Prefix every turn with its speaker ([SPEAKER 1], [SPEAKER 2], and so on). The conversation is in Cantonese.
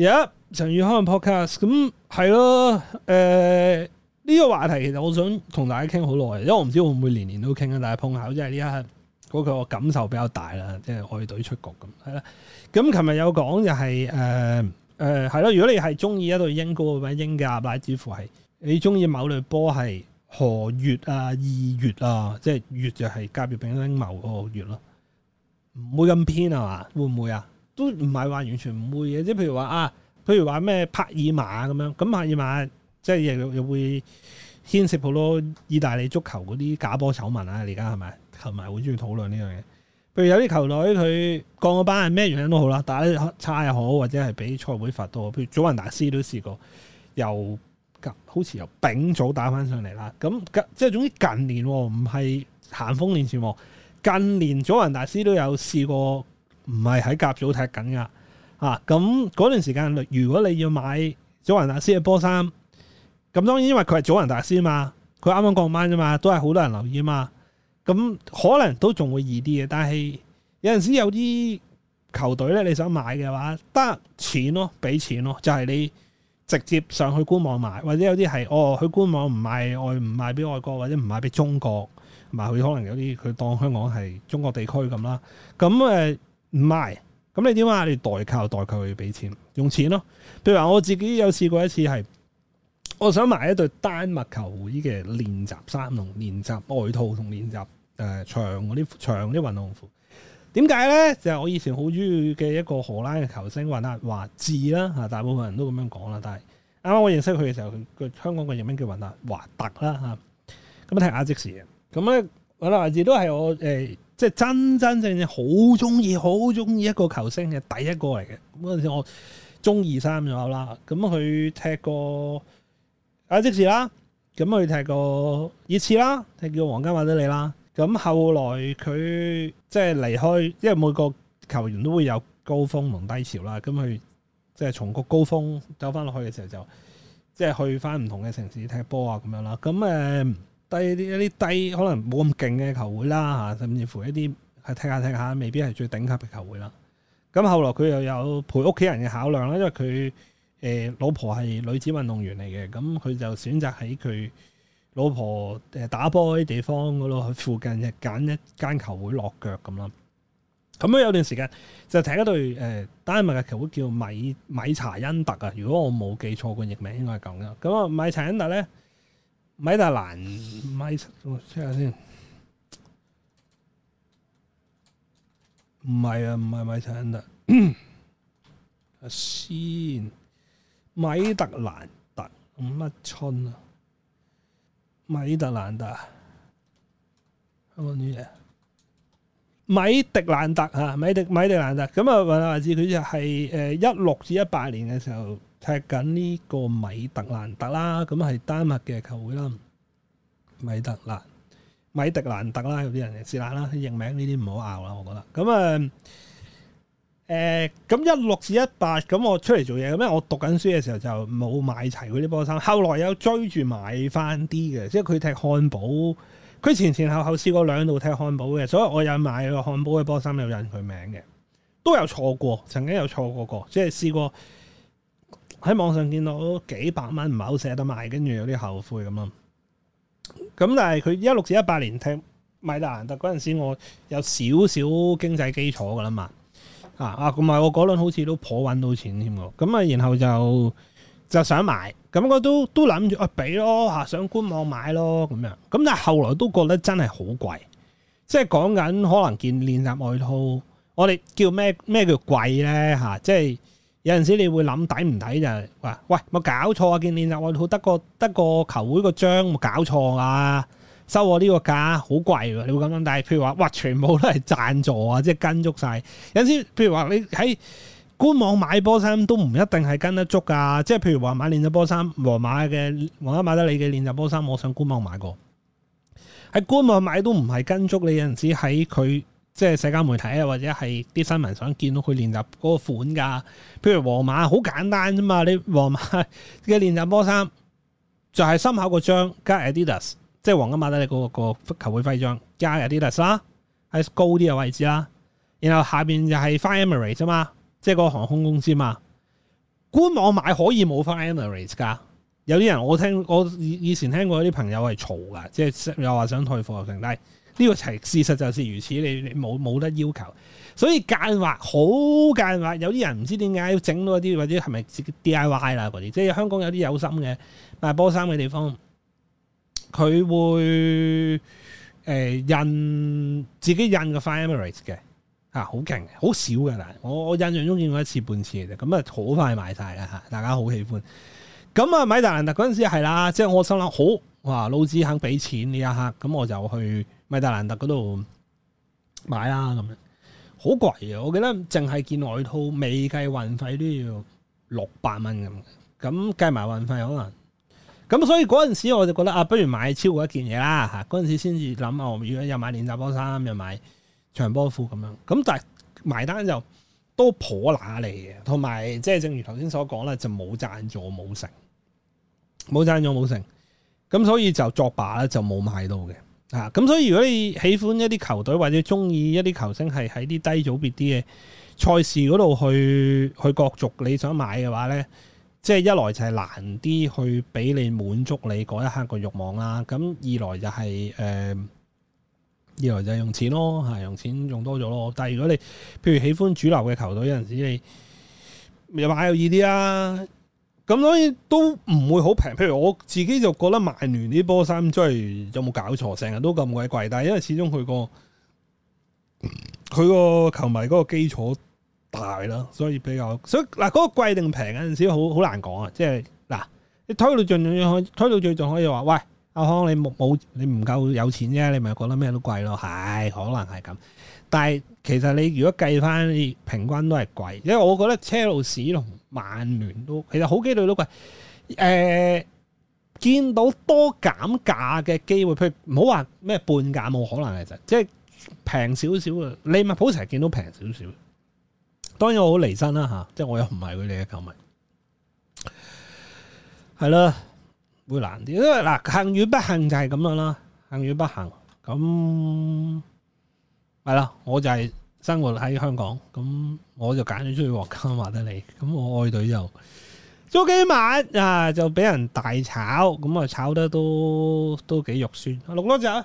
[SPEAKER 1] 而、yeah, 家陳宇康嘅 podcast 咁係咯，誒呢、呃呢個話題其實我想同大家傾好耐，因為我唔知會唔會年年都傾啊，但係碰巧即係呢一刻嗰個我感受比較大啦，即係愛隊出局咁，係啦。咁琴日有講就係誒誒係咯，如果你係中意一對英歌或者英嘅阿伯，似乎係你中意某類波係何月啊、二月啊，即係月就係甲乙丙丁某個月咯、啊，唔會咁偏係、啊、嘛？會唔會啊？都唔係話完全唔會嘅，即係譬如話啊，譬如話咩帕爾馬咁樣，咁帕爾馬即係又又會牽涉好多意大利足球嗰啲假波醜聞啊！你而家係咪球迷好中意討論呢樣嘢？譬如有啲球隊佢降咗班係咩原因都好啦，打得差又好，或者係俾賽會罰多。譬如祖雲達斯都試過，又近好似由丙組打翻上嚟啦，咁即係總之近年唔係咸豐年時，近年祖雲達斯都有試過。唔係喺甲組踢緊噶，啊咁嗰段時間，如果你要買祖雲達斯嘅波衫，咁當然因為佢係祖雲達斯啊嘛，佢啱啱降班啫嘛，都係好多人留意啊嘛，咁可能都仲會易啲嘅。但係有陣時有啲球隊咧，你想買嘅話，得錢咯，俾錢咯，就係你直接上去官網買，或者有啲係哦，去官網唔賣外唔賣俾外國，或者唔賣俾中國，同埋佢可能有啲佢當香港係中國地區咁啦，咁誒唔係，咁你點啊？你代購代購，代購要俾錢，用錢咯。譬如話，我自己有試過一次係，我想買一對丹麥球衣嘅練習衫同練習外套同練習誒、呃、長啲長啲運動褲。點解咧？就係、是、我以前好中意嘅一個荷蘭嘅球星雲達華智啦。嚇，大部分人都咁樣講啦。但係啱啱我認識佢嘅時候，佢佢香港嘅人名叫雲達華特啦。嚇、啊，咁啊睇下阿積士咁咧。嗰陣時都係我誒，即係真真正正好中意、好中意一個球星嘅第一個嚟嘅。嗰陣時我中二三左右啦，咁佢踢過阿積士啦，咁佢踢過熱刺啦，踢過皇家馬德里啦。咁後來佢即係離開，因為每個球員都會有高峰同低潮啦。咁佢即係從個高峰走翻落去嘅時候就，就即係去翻唔同嘅城市踢波啊，咁樣啦。咁誒。嗯低啲一啲低可能冇咁勁嘅球會啦嚇，甚至乎一啲係踢下踢下，未必係最頂級嘅球會啦。咁後來佢又有陪屋企人嘅考量啦，因為佢老婆係女子運動員嚟嘅，咁佢就選擇喺佢老婆打波啲地方嗰度附近就揀一間球會落腳咁啦。咁咧，有段時間就睇一隊丹麥嘅球會叫米米查恩特啊，如果我冇記錯個譯名應該係咁嘅。咁啊，米查恩特咧。米特蘭，米我 check 下先，唔係啊，唔係米特蘭特，阿先，米特蘭特乜春啊？米特蘭特，阿女嘢，米迪蘭特啊，米迪米迪蘭特，咁啊，話知佢就係誒一六至一八年嘅時候。踢緊呢個米特蘭特啦，咁係丹麥嘅球會啦。米特蘭、米迪蘭特啦，有啲人嘅是蘭，啦認名呢啲唔好拗啦，我覺得。咁啊，誒、呃，咁一六至一八，咁我出嚟做嘢，咁我讀緊書嘅時候就冇買齊佢啲波衫。後來有追住買翻啲嘅，即係佢踢漢堡，佢前前後後試過兩度踢漢堡嘅，所以我有買個漢堡嘅波衫，有印佢名嘅，都有錯過，曾經有錯過過，即係試過。喺網上見到幾百蚊唔係好捨得買，跟住有啲後悔咁。咁但係佢一六至一八年聽米特蘭特嗰陣時我點點、啊啊，我有少少經濟基礎噶啦嘛。啊啊，同埋我嗰輪好似都頗搵到錢添喎。咁啊，然後就就想買，咁、嗯、我都都諗住啊，俾咯吓，上官網買咯咁樣。咁、啊、但係後來都覺得真係好貴，即係講緊可能件練習外套，我哋叫咩咩叫貴咧吓，即、啊、係。就是有陣時你會諗抵唔抵，就話喂，冇搞錯啊！見、這個、練習外套得個得個球會個章，冇搞錯啊！收我呢個價好貴喎，你會咁諗？但係譬如話，哇，全部都係贊助啊，即係跟足晒。」有陣時譬如話，你喺官網買波衫都唔一定係跟得足噶。即係譬如話買練習波衫，皇馬嘅皇馬馬德里嘅練習波衫，我上官網買過。喺官網買都唔係跟足你，你有陣時喺佢。即係社交媒體啊，或者係啲新聞想見到佢練習嗰個款噶，譬如皇馬好簡單啫嘛，你皇馬嘅練習波衫就係心口個章加 Adidas，即係皇家馬德里嗰個球會徽章加 Adidas 啦，係高啲嘅位置啦。然後下邊就係 Fly Emirates 啫嘛，即係個航空公司嘛。官網買可以冇 Fly Emirates 噶，有啲人我聽我以以前聽過有啲朋友係嘈噶，即係又話想退貨但係。呢個齊事實就是如此，你你冇冇得要求，所以間話好間話，有啲人唔知點解要整嗰啲，或者係咪自己 D I Y 啦嗰啲，即係香港有啲有心嘅賣波衫嘅地方，佢會誒、呃、印自己印嘅 Fly Emirates 嘅嚇，好、啊、勁，好少嘅啦。我我印象中見過一次半次嘅啫，咁啊好快賣晒啦嚇，大家好喜歡。咁啊米達蘭特嗰陣時係啦，即、就、係、是、我心諗好哇，老子肯俾錢呢一刻，咁我就去。米大蘭特蘭特嗰度買啦，咁樣好貴嘅。我記得淨係件外套未計運費都要六百蚊咁，咁計埋運費可能咁。所以嗰陣時我就覺得啊，不如買超過一件嘢啦。吓，嗰陣時先至諗啊，我如果又買連體波衫，又買長波褲咁樣。咁但係埋單就都頗乸嚟嘅，同埋即係正如頭先所講啦，就冇贊助冇成冇贊助冇成咁，所以就作罷啦，就冇買到嘅。啊，咁所以如果你喜歡一啲球隊或者中意一啲球星，係喺啲低組別啲嘅賽事嗰度去去角逐，你想買嘅話呢，即係一來就係難啲去俾你滿足你嗰一刻個欲望啦。咁二來就係誒，二來就係用錢咯，係用錢用多咗咯。但係如果你譬如喜歡主流嘅球隊有陣時，你又買又易啲啦，啊。咁、嗯、所以都唔會好平，譬如我自己就覺得曼聯啲波衫真係有冇搞錯，成日都咁鬼貴。但係因為始終佢個佢個球迷嗰個基礎大啦，所以比較所以嗱、嗰、嗰個貴定平嗰陣時好好難講啊。即係嗱，你推到盡可，推到最仲可以話喂，阿康你冇冇你唔夠有錢啫，你咪覺得咩都貴咯，係可能係咁。但係其實你如果計翻你平均都係貴，因為我覺得車路士咯。曼聯都其實好幾隊都係，誒、呃、見到多減價嘅機會，譬如唔好話咩半價冇可能嘅，就是點點，即係平少少嘅，利物浦成日見到平少少。當然我好離身啦、啊、即係我又唔係佢哋嘅球迷。係啦，會難啲，因為嗱幸與不幸就係咁樣啦，幸與不幸咁係啦，我就係、是。生活喺香港，咁我就揀咗出去獲金，買得你。咁我愛隊就早幾晚啊，就俾人大炒，咁啊炒得都都幾肉酸。六多隻、啊